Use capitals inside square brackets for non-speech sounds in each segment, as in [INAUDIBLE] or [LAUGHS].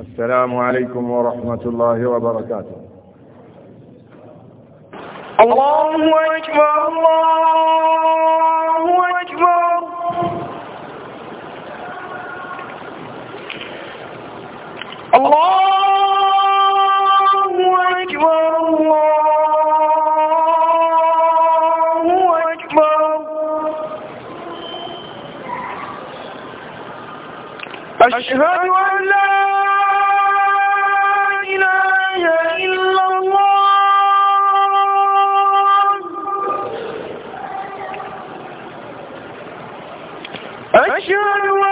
السلام عليكم ورحمة الله وبركاته الله أكبر الله أكبر الله أكبر الله أكبر أشهد sure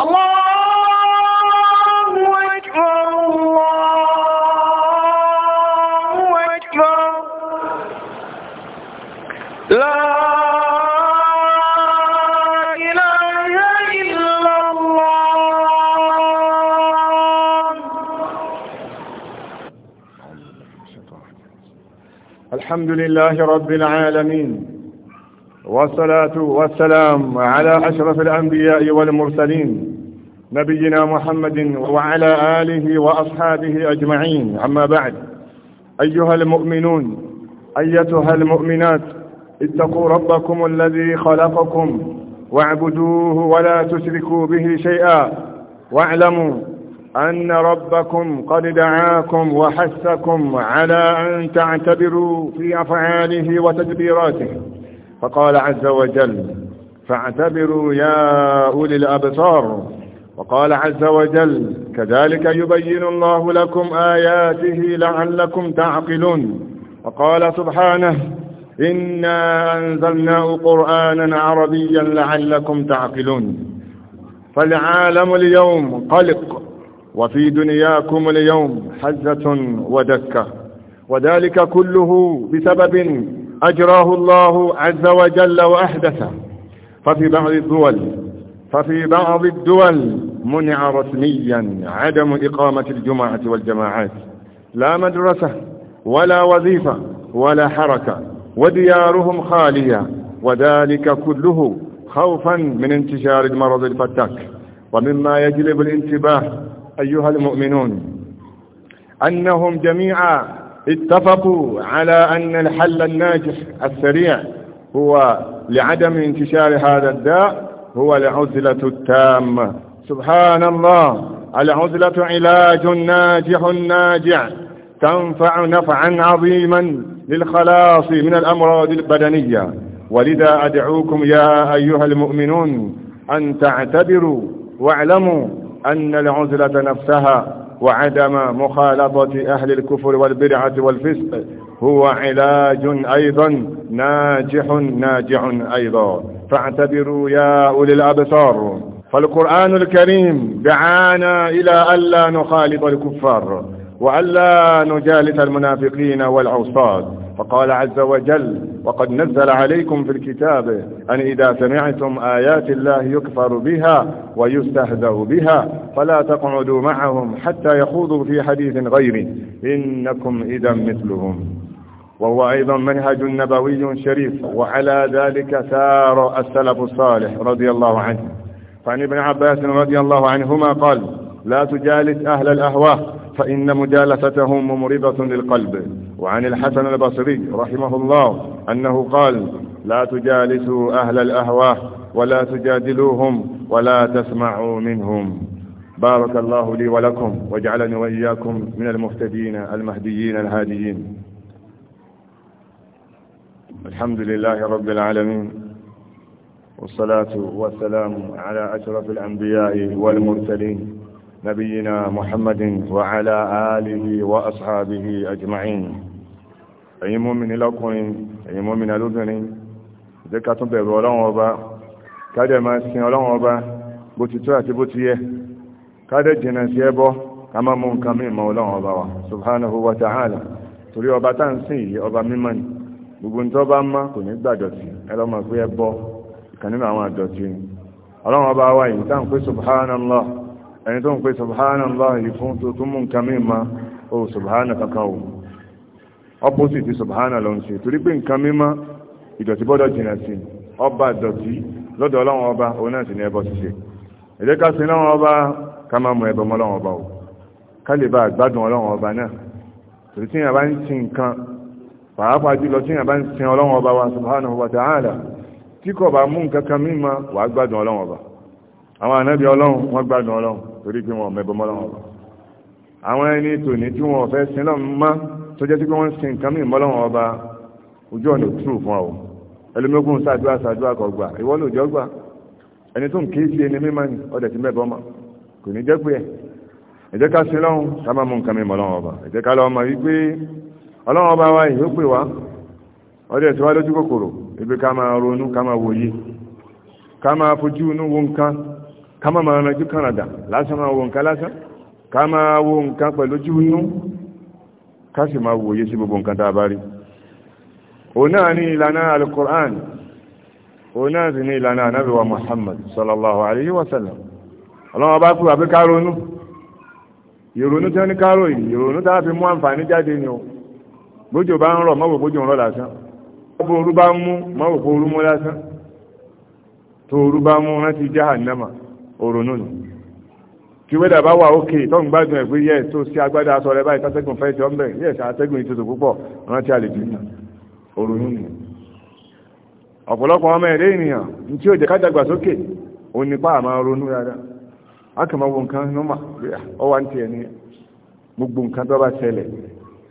الله أكبر الله أكبر لا إله إلا الله الحمد لله رب العالمين والصلاة والسلام على أشرف الأنبياء والمرسلين نبينا محمد وعلى آله وأصحابه أجمعين أما بعد أيها المؤمنون أيتها المؤمنات اتقوا ربكم الذي خلقكم واعبدوه ولا تشركوا به شيئا واعلموا أن ربكم قد دعاكم وحثكم على أن تعتبروا في أفعاله وتدبيراته فقال عز وجل فاعتبروا يا أولي الأبصار وقال عز وجل كذلك يبين الله لكم آياته لعلكم تعقلون وقال سبحانه إنا أنزلناه قرآنا عربيا لعلكم تعقلون فالعالم اليوم قلق وفي دنياكم اليوم حزة ودكة وذلك كله بسبب أجراه الله عز وجل وأحدثه ففي بعض الدول ففي بعض الدول منع رسميا عدم إقامة الجمعة والجماعات لا مدرسة ولا وظيفة ولا حركة وديارهم خالية وذلك كله خوفا من انتشار المرض الفتاك ومما يجلب الانتباه أيها المؤمنون أنهم جميعا اتفقوا على أن الحل الناجح السريع هو لعدم انتشار هذا الداء هو العزلة التامة سبحان الله العزلة علاج ناجح ناجع تنفع نفعا عظيما للخلاص من الأمراض البدنية ولذا أدعوكم يا أيها المؤمنون أن تعتبروا واعلموا أن العزلة نفسها وعدم مخالطة أهل الكفر والبدعة والفسق هو علاج أيضا ناجح ناجع أيضا فاعتبروا يا أولي الأبصار فالقرآن الكريم دعانا إلى ألا نخالط الكفار وألا نجالس المنافقين والعصاد فقال عز وجل وقد نزل عليكم في الكتاب أن إذا سمعتم آيات الله يكفر بها ويستهزأ بها فلا تقعدوا معهم حتى يخوضوا في حديث غيره إنكم إذا مثلهم وهو أيضا منهج نبوي شريف وعلى ذلك سار السلف الصالح رضي الله عنه فعن ابن عباس رضي الله عنهما قال لا تجالس أهل الأهواء فإن مجالستهم ممرضة للقلب وعن الحسن البصري رحمه الله أنه قال لا تجالسوا أهل الأهواء ولا تجادلوهم ولا تسمعوا منهم بارك الله لي ولكم واجعلني وإياكم من المهتدين المهديين الهاديين الحمد لله رب العالمين والصلاة والسلام على أشرف الأنبياء والمرسلين نبينا محمد وعلى آله وأصحابه أجمعين ẹ̀yin mùmínì lọ́kùnrin ẹ̀yin mùmínì lóbìnrin jẹ́ ká tún bẹ̀rù ọlọ́run ọba ká dẹ̀ máa sin ọlọ́run ọba bó ti tó àti bó ti yẹ ká dẹ̀ jìnà sí ẹbọ ká má mú nǹkan mímọ́ ọlọ́run ọba wa subhanahu wa ta'ala torí ọba tá ń sìn yìí ọba mímọ́ ni gbogbo ń tọ́ bá má kò ní gbàdọ̀tì ẹlọ́mọ pé ẹ bọ́ ìkan nínú àwọn àdọ̀tì ni ọlọ́run ọba wa yìí táwọn pé subhanallah ẹni tó ń pè subhanallah yìí fún tó tún mú nǹkan mímọ́ o subhana kankan o opposite subhana ló ń ṣe torí pé nǹkan mímọ́ ìdọ̀tí bọ́dọ̀ jìnà sí ọba ìdọ̀tí lọ́dọ̀ ọlọ́run ọba òun náà sì ní ẹbọ ṣíṣe ẹ̀jẹ̀ ká sí ọlọ́run ọba ká máa mọ ẹbọ mọ́ ọlọ́run ọba o ká lè bá àgbádùn ọlọ́run ọba náà torí tí yàrá ń ti nǹkan pàápàá jùlọ tí yàn bá ń sin ọlọ́run ọba wa subhanahu wa ta'ala tí kò bá mú nǹkan kan mímọ̀ wà á gbádùn ọlọ́run ọba àwọn ànábì ọlọ́run wọ́n gbádùn ọlọ́run torí pé wọn mẹ́bọ mọ́lọ́run ọba àwọn ẹni tòní tí wọn fẹ́ sin lọ́run mọ́ tó jẹ́ sí wọ́n sin nǹkan mímọ̀ ọlọ́run ọba ojú ọ̀nà òtúrù fún ọ ẹlòmíkún ṣàdúrà ṣàdúrà kò gbà ìwọ ló jọ gbà ẹni tó ń kí sí ẹni mímọ́ ni ọdẹ ti mẹ́bọ mọ́ kò ní jẹ́ pé ẹ̀ ẹ̀jẹ̀ ká sin lọ́run ká má mú nǹkan mímọ̀ ọlọ́run ọba ẹ̀jẹ̀ ká lọ́ mọ̀ wípé ọlọ́run ọba wa yìí ó pè wá ọdẹ tí wá lójú kòkòrò ibi ká máa ronú ká máa wòye ká máa fojú inú wo nǹkan ká máa máa ranjú kànàdà lásán máa wo nǹkan lásán ká máa wo nǹkan pẹ̀lú ojú inú ká sì máa wòye sí gbogbo nǹkan tá a bá rí òun ní ìlànà alukur'an òun sì ní ìlànà anábìwa muhammad sallallahu alayhi wa sallam ọlọ́run ọba pè wá pé ká ronú ìrònú tí wọ́n ní ká ròyìn ìrònú tá a fi mú àǹfààní jáde ni o bójò bá ń rọ̀ mọ́wò bójò ń rọ̀ lásán bóorú bá mú mọ́wò mú lásán bá mú rántí kí wẹ́dà bá wà òkè tó ń gbádùn ẹ̀gbé tó sí agbádá rẹ báyìí tátẹ́gùn ń bẹ̀ púpọ̀ rántí àlejò ọ̀pọ̀lọpọ̀ ọmọ ẹ̀rẹ́ ènìyàn tí ó jẹ́ onípa àmà ronú rárá akàmọ́wò nǹkan nọ́mà ń tiẹ̀ ní gbogbo nǹkan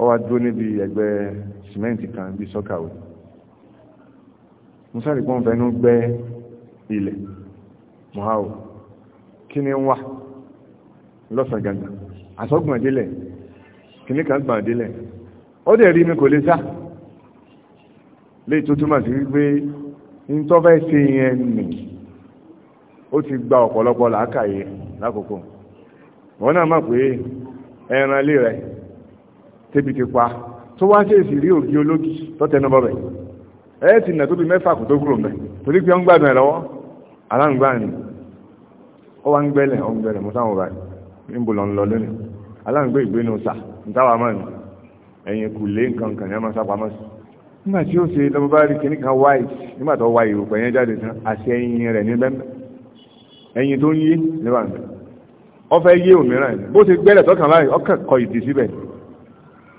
ọ wá dúró níbi ẹgbẹ́ simenti kan bí sọ́kàwé musari pọ́n fẹ́nu gbẹ́ ilẹ̀ mohau kí ni wà lọ́sàn gàgà àsọ́gbọ̀n délẹ̀ ní kan gbọ̀n ó dẹ̀ rí mi kò lè sá lè tó túmọ̀ sí wípé ntọ́fẹ́ ṣe yẹn nì ó ti gba ọ̀pọ̀lọpọ̀ làákàyè lákòókò wọn náà pé ẹran tẹ́bi ti pa tó wá ṣe èsì rí ògì ológi tọ́tẹnubọ́ bẹ̀ ẹ ti nà tóbi mẹ́fà kò tó kúrò mẹ́ torí pé wọ́n gbàdùn ẹ̀ lọ́wọ́ aláǹgbá ni ó wá ń gbẹ́lẹ̀ ó ń gbẹ́lẹ̀ mo sáwọn báyìí níbo lọ ń lọ lónìí aláǹgbé ìgbénu sà ntáwa mọ́ ni ẹ̀yìn kù lé nǹkan kan ní ọmọ sápamọ́ sí nígbà tí ó ṣe lọ́bọ̀ bá rí kíní kan wáyé nígbà tó wáyé òpè yẹn jáde tán àti ẹyin rẹ̀ ní bẹ́ẹ̀ ẹyin tó ń yí níwà ń bẹ̀ ọ fẹ́ yé òmíràn bó ṣe gbẹ́lẹ̀ tọkàn láyé ọkàn kọ ìdí síbẹ̀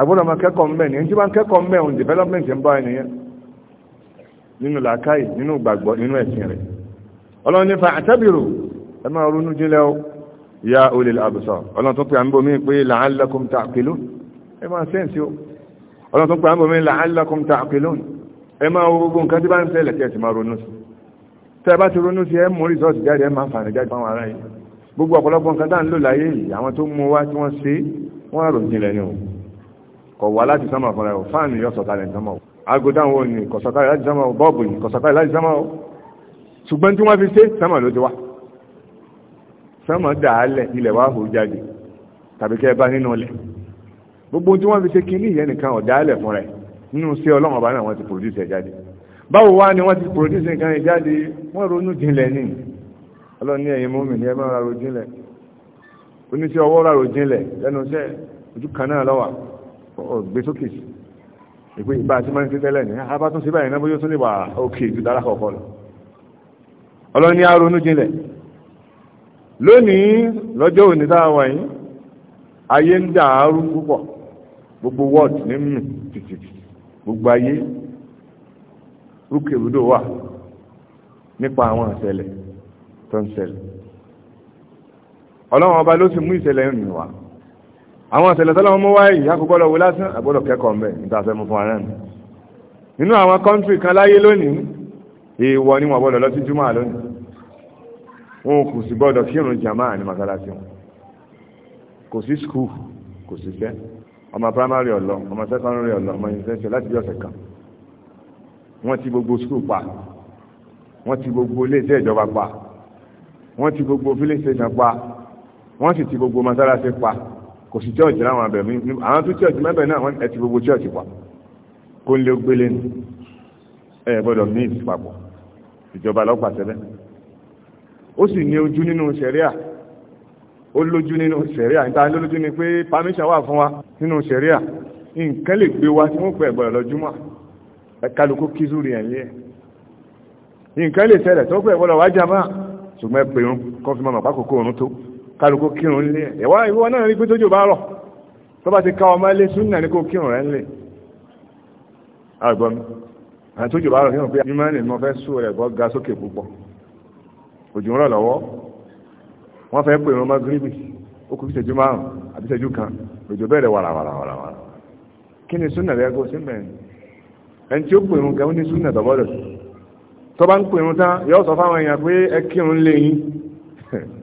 agbọ́dọ̀ máa kẹ́kọ̀ọ́ mbẹ́ ni tí bá ń kẹ́kọ̀ọ́ mbẹ́ òun development ń bá ẹnìyẹn nínú làákàyè nínú gbàgbọ́ nínú ẹ̀sìn rẹ̀ ọlọ́run ní fa àtẹ́bìrò ẹ máa ronú jinlẹ̀ o ya ulil absar ọlọ́run tó pe àmì bomi pé la'allakum ta'qilun ẹ ta'qilun ẹ máa wo gbogbo nǹkan tí bá ń ṣẹlẹ̀ kẹ́ ẹ sì máa ronú sí tẹ́ ẹ bá ti ronú sí ẹ mú rìsọ́ọ̀tì jáde ẹ máa ń fààní jáde fáwọn ará yìí gbogbo ọ̀pọ̀lọpọ̀ nǹkan tá à ń lò láyé yìí àwọn tó mú wa tí wọ́n ṣe wọ́n rò ni o kọ̀ wá láti sánmà fúnra ẹ̀ fáànù yọ sọ̀kalẹ̀ sánmà ni aago dáhùn ò ní kọ̀sọ̀kalẹ̀ láti sánmà o bọ́ọ̀bù yìí kọ̀sọ̀kalẹ̀ láti sánmà o ṣùgbọ́n tí wọ́n fi ṣe sánmà ló ti wá sánmà dà á lẹ̀ ilẹ̀ wá hù jáde tàbí kẹ́ bá nínú ilẹ̀ gbogbo tí wọ́n fi ṣe kínní yẹn nìkan ọ̀dà á fúnra ẹ̀ nínú sí ọlọ́run náà wọ́n ti produce ẹ̀ jáde báwo wá ni wọ́n ti produce nǹkan ẹ̀ jáde wọ́n ronú jinlẹ̀ ní ọlọ́run ní ẹ̀yin mọ́mì ní ẹ máa rárò jinlẹ̀ oníṣẹ́ ọwọ́ rárò jinlẹ̀ lẹ́nu iṣẹ́ ojú kan náà lọ́wọ́ gbé sókè sí ìpé ìbá tí máa ń tẹ́tẹ́lẹ̀ ní a bá tún sí báyìí náà bóyá tún lè wà òkè ju dára kọ̀ọ̀kọ́ lọ ọlọ́ni a ronú jinlẹ̀ lónìí lọ́jọ́ òní tá a wà yìí ayé ń dàárú púpọ̀ gbogbo wọ́ọ̀t ní mì tìtìtì gbogbo ayé rúkèrúdò wà nípa àwọn ìṣẹ̀lẹ̀ tó ń ṣẹlẹ̀ ọlọ́run ọba ló sì mú ìṣẹ̀lẹ̀ ń wà àwọn àtẹ̀lẹ̀tọ́lọ́ mú wáyé àkọ́gbọ́dọ̀ wò lásán àgbọ́dọ̀ kẹ́kọ̀ọ́ mbẹ̀ nítafẹ́ mú fún ara mi nínú àwọn kọ́ńtì kan láyé lónìí èèwọ̀ ni wọ́n gbọ́dọ̀ lọ sí júmọ́ lónìí wọn kò sì gbọ́dọ̀ kírun jàmáà ní masalasi wọn kò sí skul kò sí sẹ́ ọmọ primary pa wọ́n ti gbogbo iléeṣẹ́ ìjọba pa wọ́n ti gbogbo village station pa kò sí chọ́ọ̀chì láwọn abẹ̀ mi àwọn tó chọ́ọ̀chì mẹ́bẹ̀ náà wọ́n ti gbogbo chọ́ọ̀chì pa kó ń lé gbélé ní ẹ gbọ́dọ̀ ní ìsìpapọ̀ ìjọba lọ́pàá sẹ́bẹ̀ ó sì ní ojú nínú sẹ̀ríà ó lójú nínú sẹ̀ríà níta lójú ni pé pàmíṣà wà fún wa nínú sẹ̀ríà nǹkan lè gbé wa tí wọ́n pẹ̀ gbọ́dọ̀ lọ́júmọ́ ẹ kálukú kízúri ẹ̀yẹ nǹkan lè ṣẹlẹ̀ tó pẹ̀ gbọ́dọ̀ wájà máa ṣùgbọ́n ẹ pè ń kọ́fí mọ́mọ́ pákòkò òun tó kálukú kírun lé ẹ̀wá ìwọ náà rí pé tójò bá rọ̀ tó bá ti ká ọmọ ilé súnà ní kó kírun rẹ̀ lé àgbọ̀n àti tójò bá rọ̀ kírun pé mímọ́ ni mo fẹ́ sùn rẹ̀ bọ́ ga sókè púpọ̀ òjò ń rọ̀ lọ́wọ́ wọ́n fẹ́ pè rọmọ gíríbì ó kú ìṣẹ́jú márùn àbí ìṣẹ́jú kan òjò bẹ̀rẹ̀ wàràwàràwàrà kí ni súnà rẹ̀ kó sí mẹ́rin ẹni tí [LAUGHS]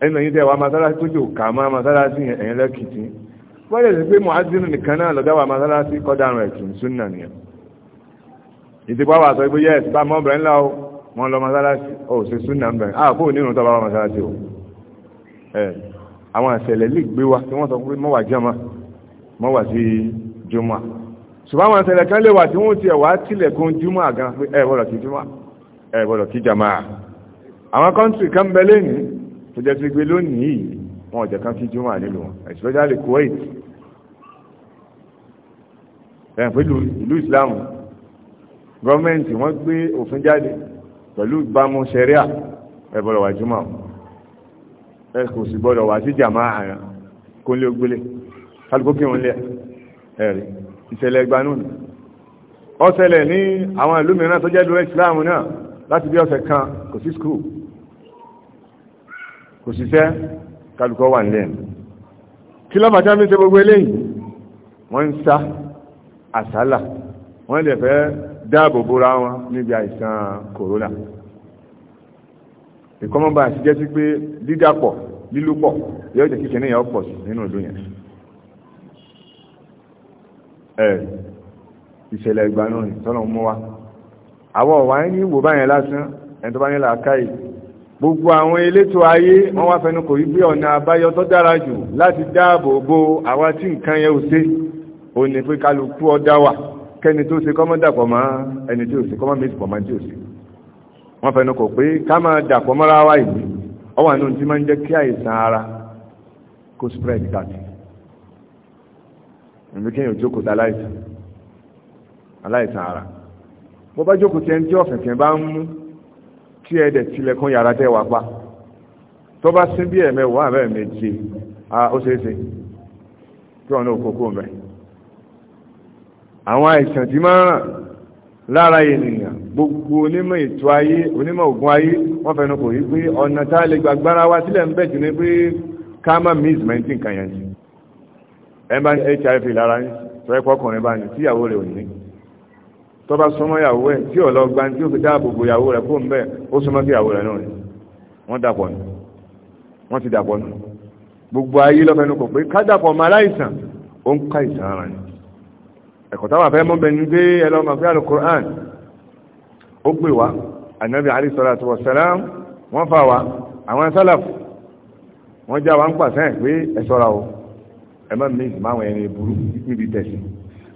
ẹnu yìí tẹ́wàá masalasi tó jò ká máa masalasi ẹ̀yìn lẹ́kìtì wọ́n lè pé mu'azinu nìkan náà lọ́dá wa masalasi kọ́dàrún ẹ̀kìn súnà nìyẹn ìdìbò àwọn àtọ́ ìgbé yẹ́s bá mọ́bìnrin ńlá o wọ́n lọ masalasi ó ṣe súnà mbẹ̀ á kó nínú tọ́ bá wa masalasi o ẹ̀ àwọn àṣẹlẹ̀ lè gbé wa tí wọ́n sọ pé mọ́wà jama mọ́wà sí juma ṣùgbọ́n àwọn àṣẹlẹ̀ kan lè wà tí wọ́n ti ẹ̀ wá tilẹ̀kùn juma gan pé ẹ̀ bọ́dọ̀ kí juma ẹ̀ bọ́dọ̀ kí jama àwọn kọ́ńtì kan bẹ lẹ́yìn tó jẹ́ sí pé lónìí wọn ọ̀jẹ̀ kan kí jùmọ̀ nílùú wọn especially Kuwait ẹ̀yìn pẹ̀lú ìlú Islam gọ́ọ̀mẹ̀ntì wọ́n gbé òfin jáde pẹ̀lú ìbámu sẹ́ríà ẹ gbọ́dọ̀ wá jùmọ̀ ẹ kò sì gbọ́dọ̀ wá sí jàmá àyà kó lé ogbélé kálukó kí wọn lé ẹ̀rí ìṣẹ̀lẹ̀ gbanú ni ó ṣẹlẹ̀ ní àwọn ìlú mìíràn tó jẹ́ dúró Islam náà láti bí ọ̀sẹ̀ kan kò sí skul kò síṣẹ́ kálukọ́ wà nílẹ̀ kí lọ́pàá tí wọ́n fi ṣe gbogbo eléyìí wọ́n ń sá àsálà wọ́n lè fẹ́ dáàbò bóra wọn níbi àìsàn kòrónà ìkọ́mọ́ba àti jẹ́ sí pé dídàpọ̀ lílúpọ̀ yóò jẹ́ kíkẹ́ níyàwó pọ̀ sí nínú ìlú yẹn ẹ̀ ìṣẹ̀lẹ̀ ìgbà náà tọ́lọ̀ mú wa àwọn ọ̀wá ń wò báyẹn lásán ẹni tó bá ní làákàyè gbogbo àwọn elétò ayé wọ́n wá fẹnu kò rí bí ọ̀nà àbáyọ tó dára jù láti dáàbò bo àwa tí nǹkan yẹ ò ṣe ò ní pé kálukú ọdá wà kẹni tó ṣe kọ́mọ́ dàpọ̀ mọ́ ẹni tí ò ṣe kọ́mọ́ méjì pọ̀ mọ́ tí ò ṣe wọ́n fẹnu pé ká máa dàpọ̀ mọ́ra wa yìí ọ wà nínú tí máa ń jẹ́ kí àìsàn ara kó spread káàkiri ìbí kéèyàn jókòó tá aláìsàn aláìsàn ara bó bá jókòó tí ẹni tí ọ̀fẹ̀kẹ̀ bá ń mú tí ẹ dẹ̀ tilẹ̀kùn yàrá tẹ́ wà pa tó bá sín bí ẹ̀mẹ́wàá àbẹ́ méje ó ṣeéṣe kí ọ̀nà òkòkò mẹ́ àwọn àìsàn tí máa ràn lára ènìyàn gbogbo onímọ̀ ètò ayé onímọ̀ ògùn ayé wọ́n fẹ́nu kò rí pé ọ̀nà tá a lè gbàgbára wa sílẹ̀ ń bẹ̀ jù ní pé ká má miss kan yẹn ẹ bá ní hiv lára yín tó ẹ kọkùnrin bá ní tíyàwó rẹ̀ ò ní tó bá súnmọ́ ìyàwó ẹ̀ tí ò lọ gba tí ó fi dáàbò bo ìyàwó rẹ̀ fóun bẹ́ẹ̀ ó súnmọ́ sí ìyàwó rẹ̀ náà rẹ̀ wọ́n dàpọ̀ nù wọ́n ti dàpọ̀ nù gbogbo ayé lọ́fẹ̀ẹ́nu kò pé ká dàpọ̀ mọ́ aláìsàn ó ń ká ìsàn ara ni ẹ̀kọ́ táwọn afẹ́ mọ́bẹ̀ni dé ẹlọ́mọ fẹ́ alukur'an ó pè wá anabi alayhi salatu wa salam wọ́n fà wá àwọn sálàf wọ́n já wa ń pàṣẹ pé ẹ ṣọ́ra o ẹ má mi ìsìn máwọn ẹni burú níbi tẹ̀sí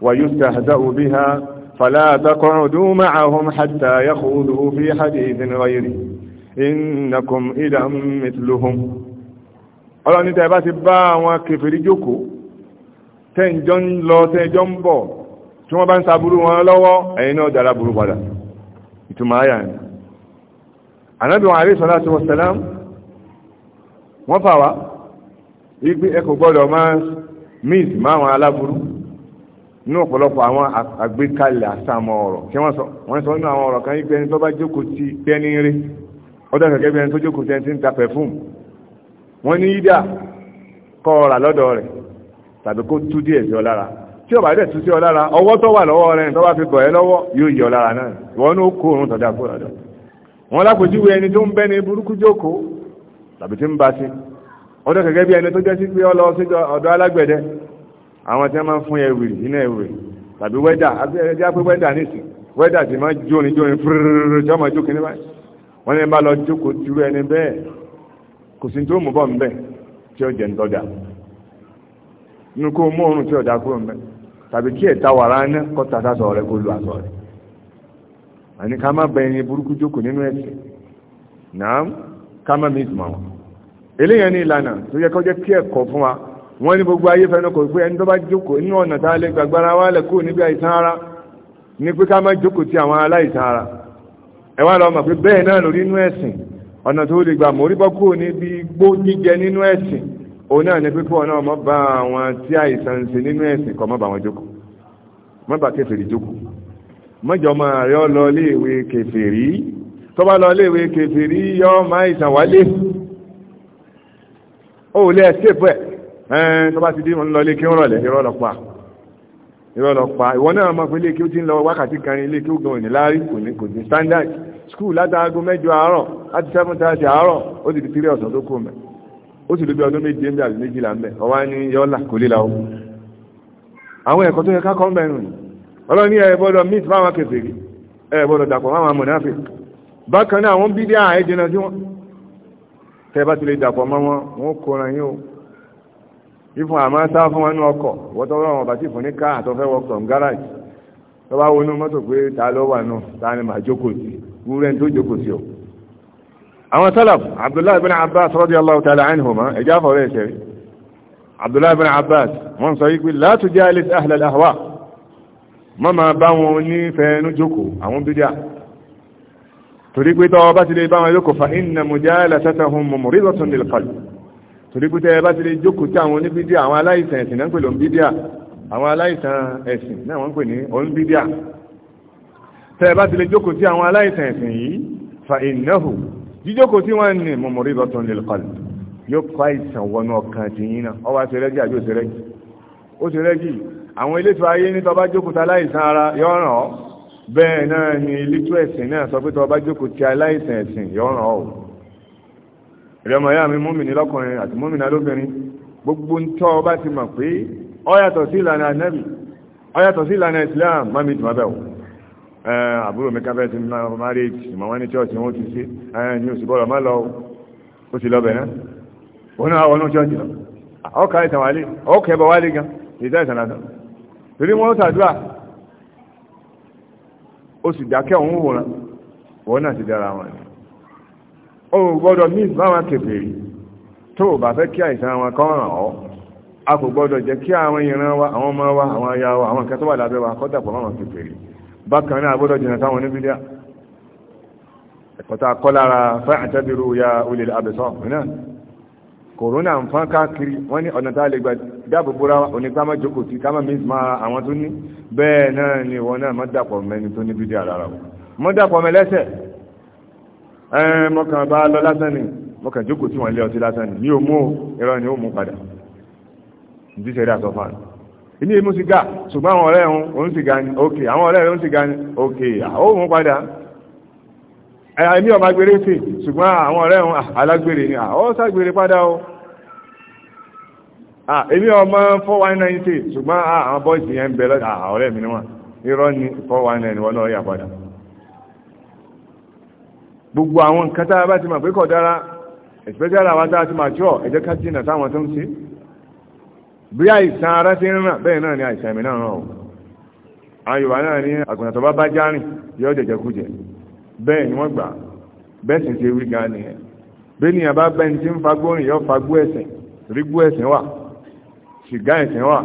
ويستهزأ بها فلا تقعدوا معهم حتى يخوضوا في حديث غيره إنكم إذا مثلهم ọlọ́ni tẹ́ bá ti bá àwọn kèfèrí jókòó tẹ́jọ́ ń lọ tẹ́jọ́ ń bọ̀ tí wọ́n bá ń sàbúrú wọn lọ́wọ́ ẹ̀yin náà dára burú padà ìtumọ̀ ayà ni anábì wọn alayhi salatu wassalam wọ́n fà wá wípé ẹ kò gbọ́dọ̀ máa mìs máwọn aláburú ní ọ̀pọ̀lọpọ̀ àwọn àgbékalẹ̀ àsàmọ̀ ọ̀rọ̀ kí wọ́n sọ wọ́n sọ nínú àwọn ọ̀rọ̀ kan yípe ẹni tó bá jókòó ti tẹ́ni rí ó dẹ̀ bí ẹni tó jókòó tẹ́ni tí ń ta pẹ̀fúm wọ́n ní yídà kọ́ ọ̀rà lọ́dọ̀ rẹ̀ tàbí kó tú díẹ̀ sí ọ tí ọba dẹ̀ tú sí ọ ọwọ́ tó wà lọ́wọ́ rẹ̀ tó fi bọ̀ ẹ́ lọ́wọ́ yóò náà ní ó kó àwọn tí wọ́n máa ń fún ẹwìrì nínú ẹwìrì tàbí wẹ́dà ẹjẹ́ pé wẹ́dà nìsín wẹ́dà ti máa jóni jóni fúrúrúrú tí wọ́n máa jókè ní báyìí wọ́n ní bá lọ jókòó tirú ẹni bẹ́ẹ̀ kò sí tó mú bọ́ ńbẹ tí ó jẹ ńtọ́jà inú kó mú oorun tí ọ̀dà kúrò ńbẹ tàbí kí ẹ̀ta wàrà ná kọ́ tata sọ̀rọ̀ rẹ kó lu àsọ̀ rẹ àní ká má bẹ ẹni burúkú jókòó nínú ẹ̀sìn náà ká má mi ìtumọ̀ wọn eléyàn ní ìlànà tó yẹ kó jẹ́ kí ẹ̀kọ́ fún wa wọ́n ní gbogbo ayé fẹ́nu kò pé ẹni tó bá jókòó inú ọ̀nà tá a lè gbàgbára wá lẹ̀ kúrò níbi àìsàn ara ní pé ká má jókòó ti àwọn aláìsàn ara ẹ wá lọ mọ̀ pé bẹ́ẹ̀ náà lórí inú ẹ̀sìn ọ̀nà tó lè gbà mórí bọ́ kúrò níbi igbó jíjẹ nínú ẹ̀sìn òun náà ní pípọ̀ náà mọ́ bá àwọn tí àìsàn ṣe nínú ẹ̀sìn kọ́ mọ́ bá wọn jókòó mọ́ bá kèfèrí jókòó mọ́jọ máa rẹ́ ọ ẹn tó bá ti dé ń lọ ilé kí ń rọ̀lẹ́ irọ́ lọ pa irọ́ lọ pa ìwọ náà máa fi ilé kí ó ti ń lọ wákàtí kan ilé kí ó gan òní láárí kò ní kò ní standard school látàgó mẹ́jọ àárọ̀ láti seven thirty àárọ̀ ó ti di three ọ̀sán tó kù mẹ́ ó sì lóbi ọdún méje ń bẹ àbí méjìlá ń bẹ ọwá ní yọ́là kò lè la ó àwọn ẹ̀kọ́ tó yẹ ká kọ́ ń bẹ nù ọlọ́ni ẹ̀ gbọ́dọ̀ meet fáwọn kèfèrí ẹ̀ gbọ́dọ̀ dàpọ̀ fáwọn amọ̀náfẹ́ bákan náà àwọn bídíà ẹ̀jẹ̀ náà tí wọ́n tẹ́ bá ti lè dàpọ̀ mọ́ wọn wọn yín o ìfún àmá sá fún wọn ní ọkọ̀ wọ́tọ́ lọ́wọ́ bá ti fún ní káà tó fẹ́ wọkọ̀ ní gáràjì tó bá wọnú mọ́tò pé ta ló wà nù ta ni màá jókòó sí wúrẹ́ tó jókòó sí o. àwọn salaf abdullahi bin abbas radiyallahu ta'ala anhuma ẹ̀já fọ̀rọ̀ ẹ̀ṣẹ̀ rí abdullahi bin abbas wọ́n sọ yí pé la tujalis ahla al-ahwa má máa bá wọn ní fẹ́ẹ́nu jókòó àwọn bídíà torí pé tọ́ bá ti lè bá wọn jókòó fa inna mujalasatahum mumridatun lil qalb torí pé tẹ́ ẹ bá ti lè jókòó tí àwọn oníbídíà àwọn aláìsàn ẹ̀sìn náà ń pè lóun bídíà àwọn aláìsàn ẹ̀sìn náà wọ́n ń pè ní òun bídíà tẹ́ ẹ bá ti lè jókòó tí àwọn aláìsàn ẹ̀sìn yìí fa ìnáhù jíjókòó tí wọ́n ní mọ̀mọ́rí lọ́tún lè kọlù yóò kọ́ àìsàn wọnú ọkàn ti yín náà ọwọ́ aṣèrẹ́gì àjò aṣèrẹ́gì ó ṣèrẹ́gì àwọn ayé ní tọba jókòó tí aláìsàn ara yọ ọ́ bẹ́ẹ̀ náà ni elétò ẹ̀sìn náà sọ pé tọba jókòó tí aláìsàn ẹ̀sìn yọ ọ́ ìrẹ́ ya ìyá mi múmìnì lọ́kùnrin àti lóbìnrin gbogbo ntọ́ ọba ti mọ̀ pé ó sí ìlànà na Islam mami tì máa àbúrò mi káfẹ́ ti marriage ìmọ̀ wọn ní chọ́ọ̀tì wọn ti ṣe ní oṣù bọ́ọ̀lù má ó sì lọ́bẹ̀ náà òun náà wọnú ọ o gbọ́dọ̀ mí báwọn kèfèrí tó bá fẹ́ kí àìsàn wọn kọ́ ràn ọ́ a kò gbọ́dọ̀ jẹ́ kí àwọn ìran wa àwọn ọmọ wa àwọn aya wa àwọn kẹtọ́ wà lábẹ́ wa kọ́ dàpọ̀ máwọn kèfèrí bákan náà gbọ́dọ̀ jìnà sáwọn oníbídíà ẹ̀kọ́ta kọ́ lára fẹ́ àtẹ́bìrú ya olè abẹ́sọ̀ náà kòrónà ń fán káàkiri wọ́n ní ọ̀nà tàà lè gbà dáàbò bóra òní ká má jókòó tí ká má mí ma àwọn tó ní bẹ́ẹ̀ náà ni wọ́n náà má dàpọ̀ mẹ́ni tó ní bídíà lára wọn mọ́ dàpọ̀ mẹ́lẹ́sẹ̀ ẹ mọkàn bá lọ lásán ni mọkàn jókòó tí wọn lé ọtí lásán ni ní o mú irọ́ ni ó mú padà ní sẹrí àsọfà ní èmi sìgá ṣùgbọ́n àwọn ọ̀rẹ́ òun òun sìgá ni ok àwọn ọ̀rẹ́ òun sìgá ni ok ó mú padà ẹ̀mí ọmọ agbèrè sí ṣùgbọ́n àwọn ọ̀rẹ́ òun alágbèrè ni ó ságbèrè padà o èmi ọmọ 4190 ṣùgbọ́n àwọn bọ́ọ̀sì yẹn ń bẹ lọ́dà ọ̀rẹ́ mi ni wọ́n irọ́ ni nine wọ́n náà yà padà gbogbo àwọn nǹkan tá a bá ti mọ̀ pé kò dára especially àwọn tá a ti mọ̀ àjọ ẹ̀jẹ̀ ká táwọn tó ń ṣe bí àìsàn ara ti ń ràn bẹ́ẹ̀ náà ni àìsàn ẹ̀mí náà ràn ọ́ àwọn yorùbá náà ní àgùntàn tó bá bá járìn yóò jẹjẹ kújẹ bẹ́ẹ̀ ni wọ́n gbà bẹ́ẹ̀ sì ṣe wí gan ni ẹ̀ bẹ́ẹ̀ ni àbá bẹ́ẹ̀ ti ń fagbórin yóò fagbó ẹ̀sìn rígbó ẹ̀sìn wà ṣìgá ẹ̀sìn wà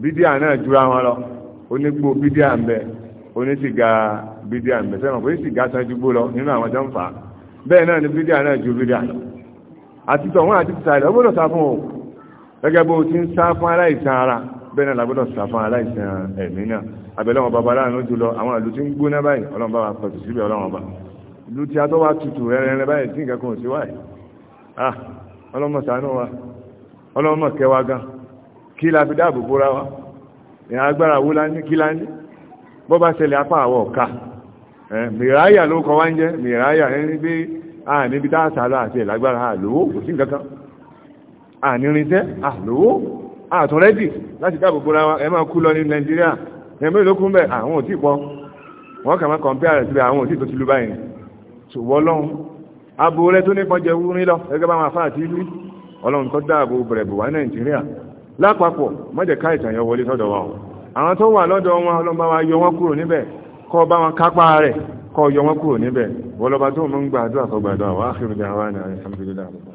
bídíà náà jura wọn lọ onígbó bídíà ń bẹ́ẹ̀ onísìgá bídíà mẹ́sẹ̀ mọ̀ pé sìgá sanjú gbó lọ nínú àwọn tó ń fà á bẹ́ẹ̀ náà ni bídíà náà ju bídíà lọ àti tọ̀wọ́n àti tìsàlẹ̀ ó gbọ́dọ̀ sá fún o gẹ́gẹ́ bó ti ń sá fún aláìsàn ara bẹ́ẹ̀ náà la gbọ́dọ̀ sá fún aláìsàn ẹ̀mí náà abẹ́lẹ́wọ̀n bàbá aláàánú jùlọ àwọn ìlú tí ń gbóná báyìí ọlọ́run bá wa pẹ̀tù síbẹ̀ ọlọ́run bá ìlú tí a tó tutù rẹ̀rẹ̀ báyìí tí nǹkan kan ò sí wáyìí ah ọlọ́mọ ṣàánú wa ọlọ́mọ kẹwàá gan kí la fi dáàbò bóra wa ìhàn agbára wo ní kí la ní bọ́ bá ṣẹlẹ̀ apá àwọ̀ ọ̀ka mìíráyà ló kọ wá ń jẹ́ mìíráyà ẹni bí a níbi tá àṣàlọ àti ìlágbára àlówó kò sí nǹkan kan ànírinṣẹ́ àlówó àtúnrẹ́dì láti dáàbò bóra wa ẹ máa kú lọ ní Nàìjíríà ẹ̀mí ló kún bẹ́ẹ̀ àwọn ò tí pọ̀ wọ́n kà máa kọ̀m̀pẹ́ rẹ̀ síbẹ̀ àwọn ò tí tó ti lu báyìí ṣùgbọ́n ọlọ́run abo rẹ tó nípọn jẹ wúrin lọ gẹ́gẹ́ bá wọn afá àti ìlú ọlọ́run tó dáàbò bẹ̀rẹ̀ bò wá Nàìjíríà lápapọ̀ mọ́jẹ̀ ìtàn yọ wọlé sọ́dọ̀ wa o àwọn tó wà lọ́dọ̀ wọn ọlọ́mbà wa yọ wọn kúrò níbẹ̀ kó bá wọn kápá rẹ̀ kó yọ wọn kúrò níbẹ̀ wọ́lọ́bà tó mọ́ ń gbàdúrà fọ́gbàdúrà wà áhìrì dáwà náà alhamdulillah